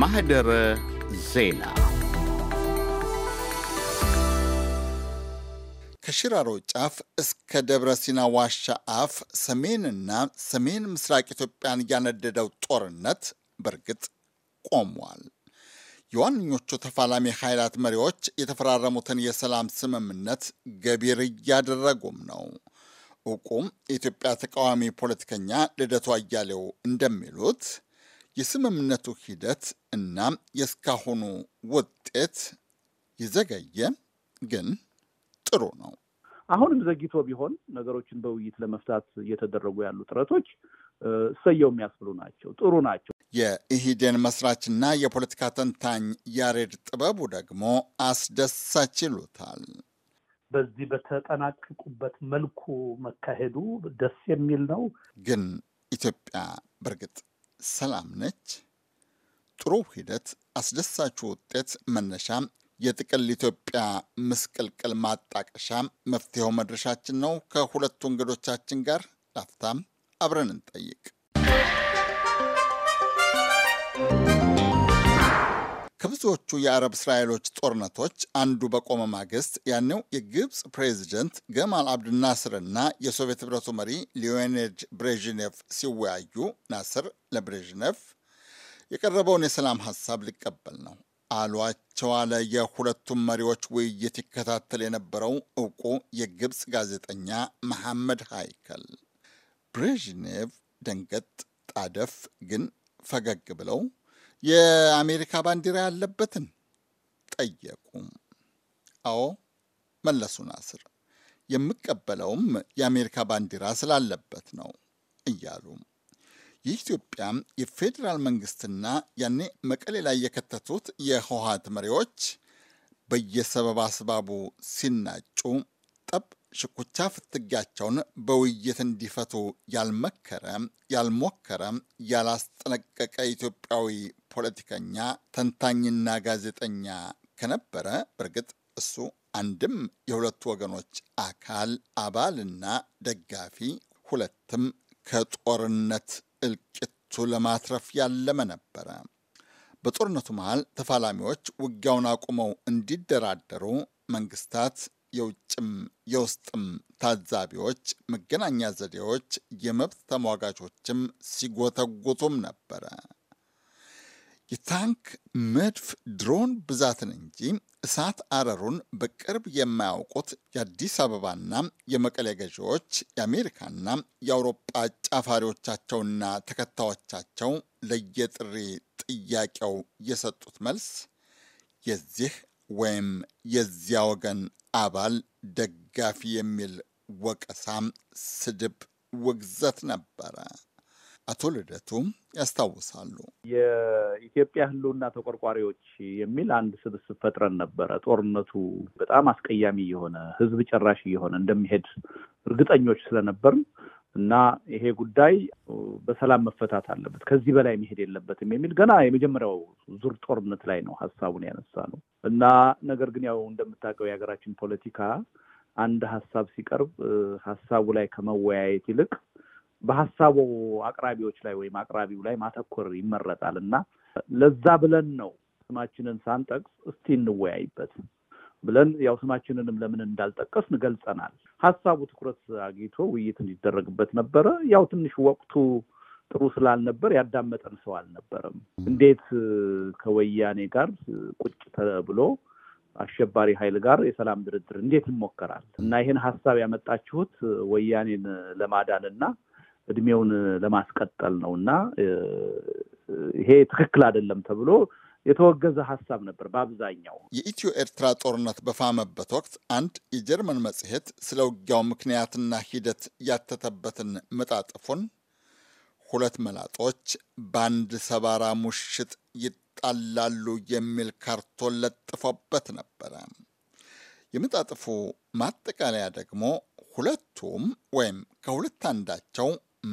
ማህደረ ዜና ከሽራሮ ጫፍ እስከ ደብረ ሲና ዋሻ አፍ ሰሜንና ሰሜን ምስራቅ ኢትዮጵያን ያነደደው ጦርነት በእርግጥ ቆሟል። የዋነኞቹ ተፋላሚ ኃይላት መሪዎች የተፈራረሙትን የሰላም ስምምነት ገቢር እያደረጉም ነው። እውቁም የኢትዮጵያ ተቃዋሚ ፖለቲከኛ ልደቱ አያሌው እንደሚሉት የስምምነቱ ሂደት እና የእስካሁኑ ውጤት የዘገየ ግን ጥሩ ነው። አሁንም ዘግይቶ ቢሆን ነገሮችን በውይይት ለመፍታት እየተደረጉ ያሉ ጥረቶች እሰየው የሚያስብሉ ናቸው፣ ጥሩ ናቸው። የኢሂዴን መስራችና የፖለቲካ ተንታኝ ያሬድ ጥበቡ ደግሞ አስደሳች ይሉታል። በዚህ በተጠናቀቁበት መልኩ መካሄዱ ደስ የሚል ነው። ግን ኢትዮጵያ በእርግጥ ሰላም ነች? ጥሩ ሂደት፣ አስደሳች ውጤት መነሻ፣ የጥቅል ኢትዮጵያ ምስቅልቅል ማጣቀሻ፣ መፍትሄው መድረሻችን ነው። ከሁለቱ እንግዶቻችን ጋር ላፍታም አብረን እንጠይቅ። ከብዙዎቹ የአረብ እስራኤሎች ጦርነቶች አንዱ በቆመ ማግስት ያኔው የግብፅ ፕሬዚደንት ገማል አብዱናስር እና የሶቪየት ህብረቱ መሪ ሊዮኔድ ብሬዥኔቭ ሲወያዩ ናስር ለብሬዥኔቭ የቀረበውን የሰላም ሀሳብ ሊቀበል ነው አሏቸው አለ የሁለቱም መሪዎች ውይይት ይከታተል የነበረው እውቁ የግብፅ ጋዜጠኛ መሐመድ ሃይከል። ብሬዥኔቭ ደንገጥ ጣደፍ ግን ፈገግ ብለው የአሜሪካ ባንዲራ ያለበትን ጠየቁ። አዎ መለሱ ናስር። የምቀበለውም የአሜሪካ ባንዲራ ስላለበት ነው እያሉ የኢትዮጵያ የፌዴራል መንግስትና ያኔ መቀሌ ላይ የከተቱት የህወሀት መሪዎች በየሰበብ አስባቡ ሲናጩ ጠብ፣ ሽኩቻ፣ ፍትጊያቸውን በውይይት እንዲፈቱ ያልመከረ፣ ያልሞከረ፣ ያላስጠነቀቀ ኢትዮጵያዊ ፖለቲከኛ ተንታኝና ጋዜጠኛ ከነበረ በእርግጥ እሱ አንድም የሁለቱ ወገኖች አካል አባልና ደጋፊ፣ ሁለትም ከጦርነት እልቂቱ ለማትረፍ ያለመ ነበረ። በጦርነቱ መሃል ተፋላሚዎች ውጊያውን አቁመው እንዲደራደሩ መንግስታት የውጭም የውስጥም ታዛቢዎች፣ መገናኛ ዘዴዎች፣ የመብት ተሟጋቾችም ሲጎተጉቱም ነበረ። የታንክ መድፍ ድሮን ብዛትን እንጂ እሳት አረሩን በቅርብ የማያውቁት የአዲስ አበባና የመቀሌ ገዢዎች የአሜሪካና የአውሮጳ ጫፋሪዎቻቸውና ተከታዮቻቸው ለየጥሪ ጥያቄው የሰጡት መልስ የዚህ ወይም የዚያ ወገን አባል ደጋፊ የሚል ወቀሳም፣ ስድብ፣ ውግዘት ነበረ። አቶ ልደቱም ያስታውሳሉ። የኢትዮጵያ ሕልውና ተቆርቋሪዎች የሚል አንድ ስብስብ ፈጥረን ነበረ። ጦርነቱ በጣም አስቀያሚ የሆነ ሕዝብ ጨራሽ እየሆነ እንደሚሄድ እርግጠኞች ስለነበርን እና ይሄ ጉዳይ በሰላም መፈታት አለበት፣ ከዚህ በላይ መሄድ የለበትም የሚል ገና የመጀመሪያው ዙር ጦርነት ላይ ነው ሀሳቡን ያነሳ ነው እና ነገር ግን ያው እንደምታውቀው የሀገራችን ፖለቲካ አንድ ሀሳብ ሲቀርብ ሀሳቡ ላይ ከመወያየት ይልቅ በሀሳቡ አቅራቢዎች ላይ ወይም አቅራቢው ላይ ማተኮር ይመረጣል እና ለዛ ብለን ነው ስማችንን ሳንጠቅስ እስቲ እንወያይበት ብለን ያው ስማችንንም ለምን እንዳልጠቀስን ገልጸናል። ሀሳቡ ትኩረት አግኝቶ ውይይት እንዲደረግበት ነበረ። ያው ትንሽ ወቅቱ ጥሩ ስላልነበር ያዳመጠን ሰው አልነበረም። እንዴት ከወያኔ ጋር ቁጭ ተብሎ አሸባሪ ኃይል ጋር የሰላም ድርድር እንዴት ይሞከራል እና ይህን ሀሳብ ያመጣችሁት ወያኔን ለማዳን እና እድሜውን ለማስቀጠል ነው እና ይሄ ትክክል አይደለም ተብሎ የተወገዘ ሀሳብ ነበር። በአብዛኛው የኢትዮ ኤርትራ ጦርነት በፋመበት ወቅት አንድ የጀርመን መጽሔት ስለ ውጊያው ምክንያትና ሂደት ያተተበትን መጣጥፉን ሁለት መላጦች በአንድ ሰባራ ሙሽጥ ይጣላሉ የሚል ካርቶን ለጥፎበት ነበረ። የመጣጥፉ ማጠቃለያ ደግሞ ሁለቱም ወይም ከሁለት አንዳቸው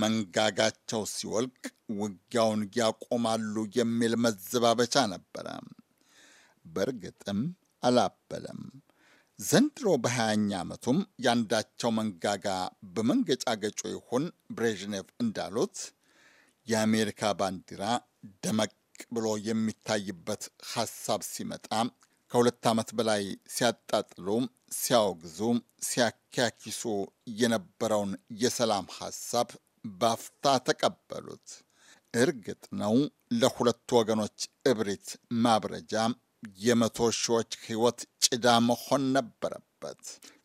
መንጋጋቸው ሲወልቅ ውጊያውን ያቆማሉ የሚል መዘባበቻ ነበረ። በእርግጥም አላበለም። ዘንድሮ በሀያኛ ዓመቱም ያንዳቸው መንጋጋ በመንገጫገጩ ይሁን ብሬዥኔቭ እንዳሉት የአሜሪካ ባንዲራ ደመቅ ብሎ የሚታይበት ሀሳብ ሲመጣ ከሁለት ዓመት በላይ ሲያጣጥሉ፣ ሲያወግዙ፣ ሲያካኪሱ የነበረውን የሰላም ሀሳብ። ባፍታ ተቀበሉት። እርግጥ ነው ለሁለቱ ወገኖች እብሪት ማብረጃ የመቶ ሺዎች ሕይወት ጭዳ መሆን ነበረበት።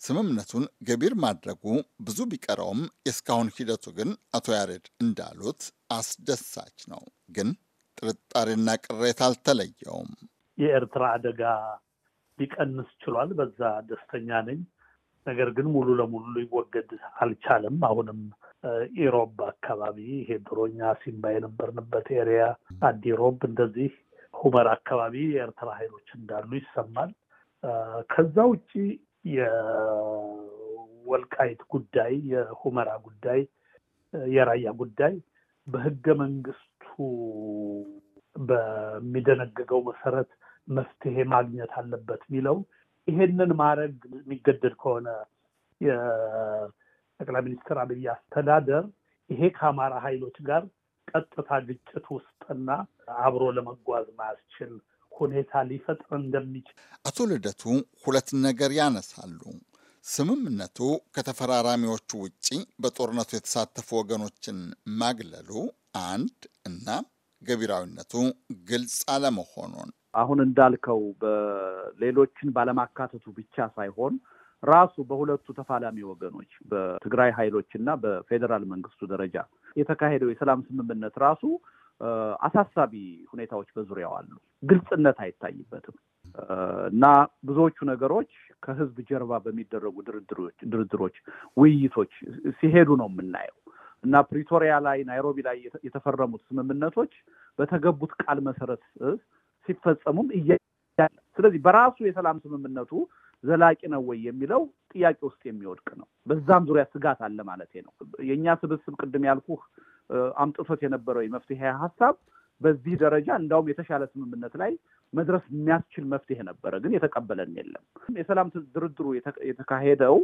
ስምምነቱን ገቢር ማድረጉ ብዙ ቢቀረውም የእስካሁን ሂደቱ ግን አቶ ያሬድ እንዳሉት አስደሳች ነው። ግን ጥርጣሬና ቅሬታ አልተለየውም። የኤርትራ አደጋ ሊቀንስ ችሏል። በዛ ደስተኛ ነኝ። ነገር ግን ሙሉ ለሙሉ ሊወገድ አልቻለም። አሁንም ኢሮብ አካባቢ ይሄ ድሮኛ ሲምባ የነበርንበት ኤሪያ አዲሮብ እንደዚህ ሁመር አካባቢ የኤርትራ ኃይሎች እንዳሉ ይሰማል። ከዛ ውጭ የወልቃይት ጉዳይ፣ የሁመራ ጉዳይ፣ የራያ ጉዳይ በህገ መንግስቱ በሚደነግገው መሰረት መፍትሄ ማግኘት አለበት የሚለው ይሄንን ማድረግ የሚገደድ ከሆነ ጠቅላይ ሚኒስትር አብይ አስተዳደር ይሄ ከአማራ ኃይሎች ጋር ቀጥታ ግጭት ውስጥና አብሮ ለመጓዝ ማያስችል ሁኔታ ሊፈጥር እንደሚችል አቶ ልደቱ ሁለት ነገር ያነሳሉ። ስምምነቱ ከተፈራራሚዎቹ ውጪ በጦርነቱ የተሳተፉ ወገኖችን ማግለሉ አንድ እና ገቢራዊነቱ ግልጽ አለመሆኑን አሁን እንዳልከው በሌሎችን ባለማካተቱ ብቻ ሳይሆን ራሱ በሁለቱ ተፋላሚ ወገኖች በትግራይ ኃይሎች እና በፌዴራል መንግስቱ ደረጃ የተካሄደው የሰላም ስምምነት ራሱ አሳሳቢ ሁኔታዎች በዙሪያው አሉ። ግልጽነት አይታይበትም እና ብዙዎቹ ነገሮች ከህዝብ ጀርባ በሚደረጉ ድርድሮች ድርድሮች፣ ውይይቶች ሲሄዱ ነው የምናየው እና ፕሪቶሪያ ላይ ናይሮቢ ላይ የተፈረሙት ስምምነቶች በተገቡት ቃል መሰረት ሲፈጸሙም እያ ስለዚህ በራሱ የሰላም ስምምነቱ ዘላቂ ነው ወይ የሚለው ጥያቄ ውስጥ የሚወድቅ ነው። በዛም ዙሪያ ስጋት አለ ማለት ነው። የእኛ ስብስብ ቅድም ያልኩህ አምጥቶት የነበረው የመፍትሄ ሀሳብ በዚህ ደረጃ እንዳውም የተሻለ ስምምነት ላይ መድረስ የሚያስችል መፍትሄ ነበረ፣ ግን የተቀበለን የለም። የሰላም ድርድሩ የተካሄደው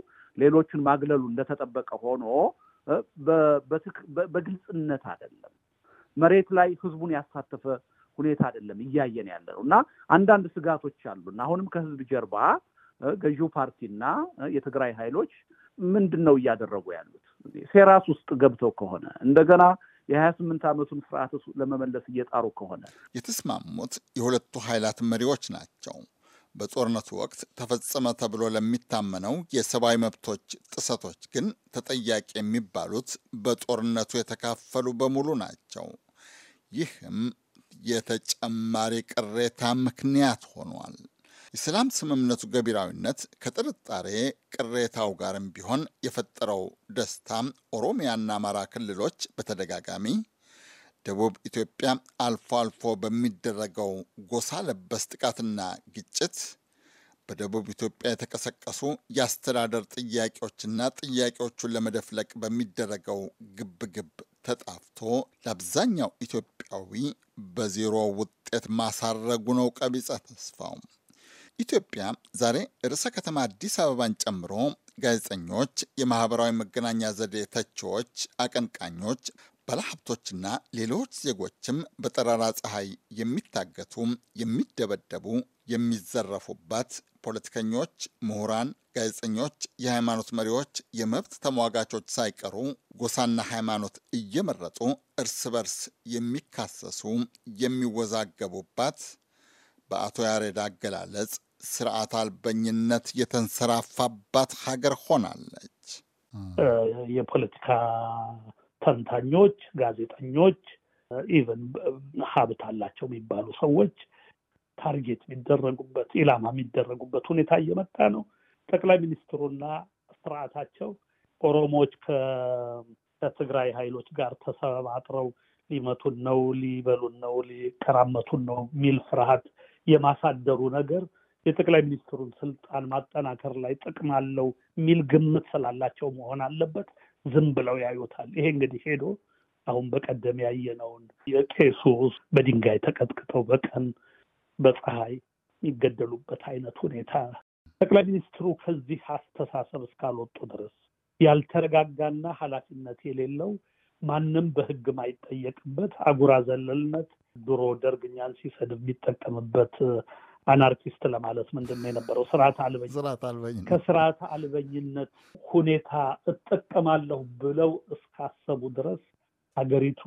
ሌሎቹን ማግለሉ እንደተጠበቀ ሆኖ በግልጽነት አይደለም፣ መሬት ላይ ህዝቡን ያሳተፈ ሁኔታ አይደለም እያየን ያለ ነው እና አንዳንድ ስጋቶች አሉና አሁንም ከህዝብ ጀርባ ገዢው ፓርቲና የትግራይ ኃይሎች ምንድን ነው እያደረጉ ያሉት? ሴራስ ውስጥ ገብተው ከሆነ እንደገና የሀያ ስምንት ዓመቱን ስርዓት ለመመለስ እየጣሩ ከሆነ የተስማሙት የሁለቱ ኃይላት መሪዎች ናቸው። በጦርነቱ ወቅት ተፈጸመ ተብሎ ለሚታመነው የሰብአዊ መብቶች ጥሰቶች ግን ተጠያቂ የሚባሉት በጦርነቱ የተካፈሉ በሙሉ ናቸው። ይህም የተጨማሪ ቅሬታ ምክንያት ሆኗል። የሰላም ስምምነቱ ገቢራዊነት ከጥርጣሬ ቅሬታው ጋርም ቢሆን የፈጠረው ደስታም ኦሮሚያና አማራ ክልሎች በተደጋጋሚ ደቡብ ኢትዮጵያ አልፎ አልፎ በሚደረገው ጎሳ ለበስ ጥቃትና ግጭት በደቡብ ኢትዮጵያ የተቀሰቀሱ የአስተዳደር ጥያቄዎችና ጥያቄዎቹን ለመደፍለቅ በሚደረገው ግብግብ ተጣፍቶ ለአብዛኛው ኢትዮጵያዊ በዜሮ ውጤት ማሳረጉ ነው ቀቢጸ ተስፋው። ኢትዮጵያ ዛሬ ርዕሰ ከተማ አዲስ አበባን ጨምሮ ጋዜጠኞች፣ የማህበራዊ መገናኛ ዘዴ ተቺዎች፣ አቀንቃኞች፣ ባለሀብቶችና ሌሎች ዜጎችም በጠራራ ፀሐይ የሚታገቱ፣ የሚደበደቡ፣ የሚዘረፉባት ፖለቲከኞች፣ ምሁራን፣ ጋዜጠኞች፣ የሃይማኖት መሪዎች፣ የመብት ተሟጋቾች ሳይቀሩ ጎሳና ሃይማኖት እየመረጡ እርስ በርስ የሚካሰሱ የሚወዛገቡባት በአቶ ያሬድ አገላለጽ ስርዓት አልበኝነት የተንሰራፋባት ሀገር ሆናለች። የፖለቲካ ተንታኞች፣ ጋዜጠኞች፣ ኢቨን ሀብት አላቸው የሚባሉ ሰዎች ታርጌት የሚደረጉበት ኢላማ የሚደረጉበት ሁኔታ እየመጣ ነው። ጠቅላይ ሚኒስትሩና ስርዓታቸው ኦሮሞዎች ከትግራይ ኃይሎች ጋር ተሰባጥረው ሊመቱን ነው፣ ሊበሉን ነው፣ ሊቀራመቱን ነው የሚል ፍርሃት የማሳደሩ ነገር የጠቅላይ ሚኒስትሩን ስልጣን ማጠናከር ላይ ጥቅም አለው የሚል ግምት ስላላቸው መሆን አለበት። ዝም ብለው ያዩታል። ይሄ እንግዲህ ሄዶ አሁን በቀደም ያየነውን የቄሱ በድንጋይ ተቀጥቅተው በቀን በፀሐይ የሚገደሉበት አይነት ሁኔታ ጠቅላይ ሚኒስትሩ ከዚህ አስተሳሰብ እስካልወጡ ድረስ ያልተረጋጋና ኃላፊነት የሌለው ማንም በሕግ ማይጠየቅበት አጉራ ዘለልነት ድሮ ደርግ እኛን ሲሰድብ የሚጠቀምበት አናርኪስት ለማለት ምንድን ነው የነበረው? ስርዓት አልበኝ ከስርዓት አልበኝነት ሁኔታ እጠቀማለሁ ብለው እስካሰቡ ድረስ ሀገሪቱ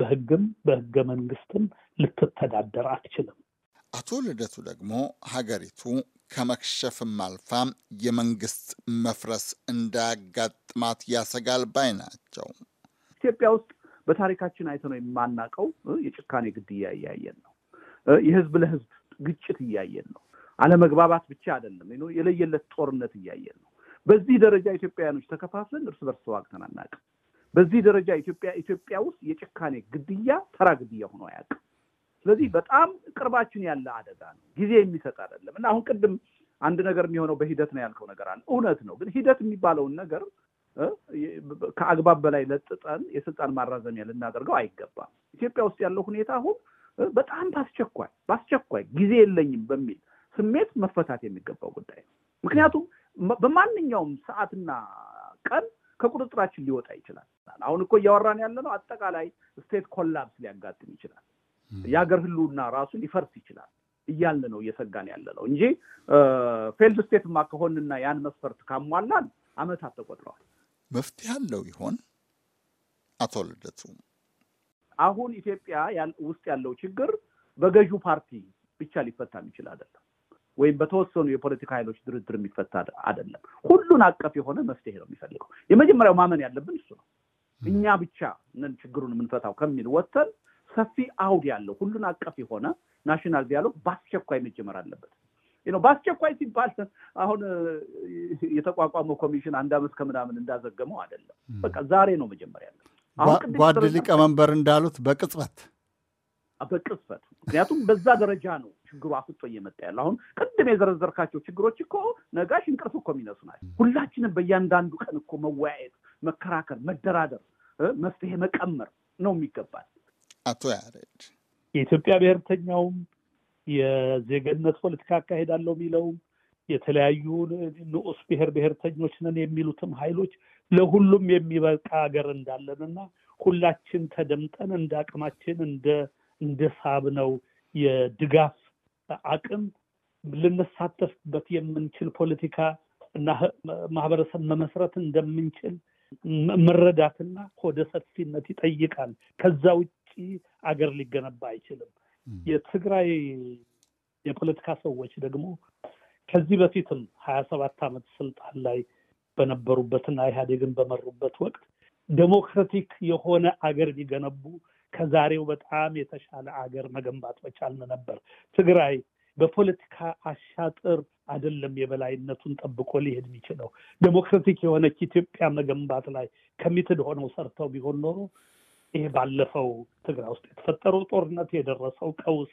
በህግም በህገ መንግስትም ልትተዳደር አትችልም። አቶ ልደቱ ደግሞ ሀገሪቱ ከመክሸፍም አልፋ የመንግስት መፍረስ እንዳያጋጥማት ያሰጋል ባይ ናቸው። ኢትዮጵያ ውስጥ በታሪካችን አይተነው የማናቀው የጭካኔ ግድያ እያየን ነው። የህዝብ ለህዝብ ግጭት እያየን ነው። አለመግባባት ብቻ አይደለም፣ የለየለት ጦርነት እያየን ነው። በዚህ ደረጃ ኢትዮጵያውያኖች ተከፋፍለን እርስ በርስ ተዋግተን አናውቅም። በዚህ ደረጃ ኢትዮጵያ ኢትዮጵያ ውስጥ የጭካኔ ግድያ ተራ ግድያ ሆኖ አያውቅም። ስለዚህ በጣም ቅርባችን ያለ አደጋ ነው፣ ጊዜ የሚሰጥ አይደለም እና አሁን ቅድም አንድ ነገር የሚሆነው በሂደት ነው ያልከው ነገር አለ፣ እውነት ነው። ግን ሂደት የሚባለውን ነገር ከአግባብ በላይ ለጥጠን የስልጣን ማራዘሚያ ልናደርገው አይገባም። ኢትዮጵያ ውስጥ ያለው ሁኔታ አሁን በጣም በአስቸኳይ በአስቸኳይ ጊዜ የለኝም በሚል ስሜት መፈታት የሚገባው ጉዳይ ነው። ምክንያቱም በማንኛውም ሰዓትና ቀን ከቁጥጥራችን ሊወጣ ይችላል። አሁን እኮ እያወራን ያለ ነው አጠቃላይ ስቴት ኮላፕስ ሊያጋጥም ይችላል። የሀገር ህልውና ራሱ ሊፈርስ ይችላል እያለ ነው እየሰጋን ያለ ነው እንጂ ፌልድ ስቴትማ ከሆንና ያን መስፈርት ካሟላን አመታት ተቆጥረዋል። መፍትሄ አለው ይሆን? አቶ ልደቱ፣ አሁን ኢትዮጵያ ውስጥ ያለው ችግር በገዢው ፓርቲ ብቻ ሊፈታ የሚችል አይደለም፣ ወይም በተወሰኑ የፖለቲካ ኃይሎች ድርድር የሚፈታ አይደለም። ሁሉን አቀፍ የሆነ መፍትሄ ነው የሚፈልገው። የመጀመሪያው ማመን ያለብን እሱ ነው። እኛ ብቻ ነን ችግሩን የምንፈታው ከሚል ወጥተን ሰፊ አውድ ያለው ሁሉን አቀፍ የሆነ ናሽናል ዲያሎግ በአስቸኳይ መጀመር አለበት። ነው። በአስቸኳይ ሲባል አሁን የተቋቋመው ኮሚሽን አንድ አመት ከምናምን እንዳዘገመው አይደለም። በቃ ዛሬ ነው መጀመሪያ ያለው። ጓድ ሊቀመንበር እንዳሉት በቅጽበት በቅጽበት ምክንያቱም በዛ ደረጃ ነው ችግሩ አፍጦ እየመጣ ያለ። አሁን ቅድም የዘረዘርካቸው ችግሮች እኮ ነጋሽ እንቅልፍ እኮ የሚነሱ ናቸው። ሁላችንም በእያንዳንዱ ቀን እኮ መወያየት፣ መከራከር፣ መደራደር፣ መፍትሄ መቀመር ነው የሚገባል። አቶ ያሬድ የኢትዮጵያ ብሔርተኛውም የዜግነት ፖለቲካ አካሄዳለሁ የሚለውም የተለያዩ ንዑስ ብሔር ብሔርተኞች ነን የሚሉትም ኃይሎች ለሁሉም የሚበቃ ሀገር እንዳለን እና ሁላችን ተደምጠን እንደ አቅማችን እንደ እንደ ነው የድጋፍ አቅም ልንሳተፍበት የምንችል ፖለቲካ እና ማህበረሰብ መመስረት እንደምንችል መረዳትና ሆደ ሰፊነት ይጠይቃል። ከዛ ውጭ አገር ሊገነባ አይችልም። የትግራይ የፖለቲካ ሰዎች ደግሞ ከዚህ በፊትም ሀያ ሰባት ዓመት ስልጣን ላይ በነበሩበትና ኢህአዴግን በመሩበት ወቅት ዴሞክራቲክ የሆነ አገር ቢገነቡ ከዛሬው በጣም የተሻለ አገር መገንባት በቻልን ነበር። ትግራይ በፖለቲካ አሻጥር አይደለም የበላይነቱን ጠብቆ ሊሄድ የሚችለው ዴሞክራቲክ የሆነች ኢትዮጵያ መገንባት ላይ ከሚትድ ሆነው ሰርተው ቢሆን ኖሮ ይሄ ባለፈው ትግራይ ውስጥ የተፈጠረው ጦርነት የደረሰው ቀውስ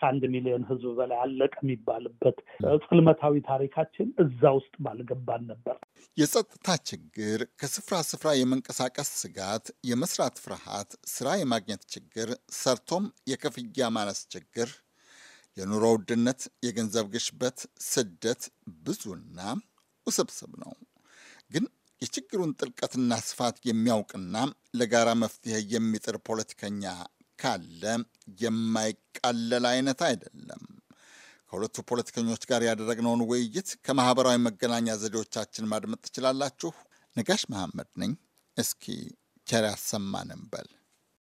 ከአንድ ሚሊዮን ህዝብ በላይ አለቀ የሚባልበት ጽልመታዊ ታሪካችን እዛ ውስጥ ባልገባን ነበር። የጸጥታ ችግር፣ ከስፍራ ስፍራ የመንቀሳቀስ ስጋት፣ የመስራት ፍርሃት፣ ስራ የማግኘት ችግር፣ ሰርቶም የክፍያ ማነስ ችግር፣ የኑሮ ውድነት፣ የገንዘብ ግሽበት፣ ስደት ብዙና ውስብስብ ነው። የችግሩን ጥልቀትና ስፋት የሚያውቅና ለጋራ መፍትሄ የሚጥር ፖለቲከኛ ካለ የማይቃለል አይነት አይደለም። ከሁለቱ ፖለቲከኞች ጋር ያደረግነውን ውይይት ከማህበራዊ መገናኛ ዘዴዎቻችን ማድመጥ ትችላላችሁ። ነጋሽ መሐመድ ነኝ። እስኪ ቸር ያሰማን እንበል።